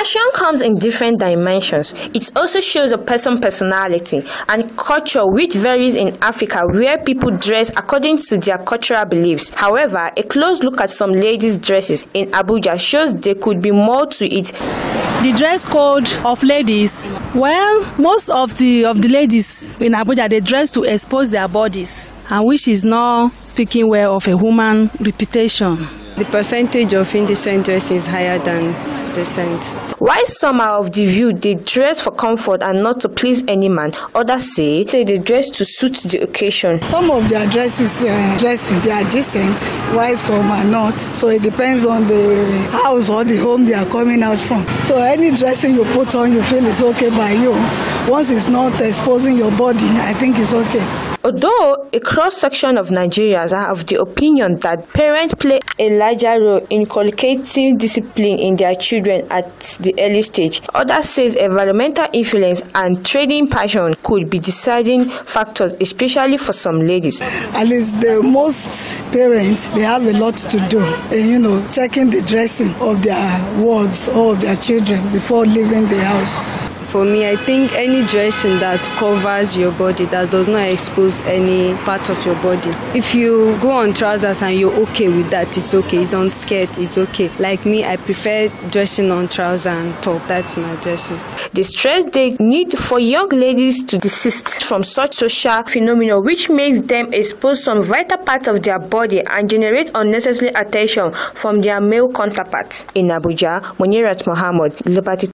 Fashion comes in different dimensions. It also shows a person's personality and culture, which varies in Africa, where people dress according to their cultural beliefs. However, a close look at some ladies' dresses in Abuja shows there could be more to it. The dress code of ladies. Well, most of the of the ladies in Abuja they dress to expose their bodies, and which is not speaking well of a woman reputation. The percentage of indecent dress is higher than decent. some are of the view they dress for comfort and not to please any man, others say they, they dress to suit the occasion. Some of their dresses, uh, dresses, they are decent, Why some are not. So it depends on the house or the home they are coming out from. So any dressing you put on, you feel is okay by you. Once it's not exposing your body, I think it's okay. Although a cross section of Nigerians are of the opinion that parents play a larger role in inculcating discipline in their children. children at the early stage. Others says environmental influence and trading passion could be deciding factors, especially for some ladies. At least the most parents, they have a lot to do. And, you know, checking the dressing of their wards or of their children before leaving the house. For me, I think any dressing that covers your body, that does not expose any part of your body. If you go on trousers and you're okay with that, it's okay. It's on skirt, it's okay. Like me, I prefer dressing on trousers and top. That's my dressing. The stress they need for young ladies to desist from such social phenomena, which makes them expose some vital parts of their body and generate unnecessary attention from their male counterparts. In Abuja, Munirat Mohammed, Liberty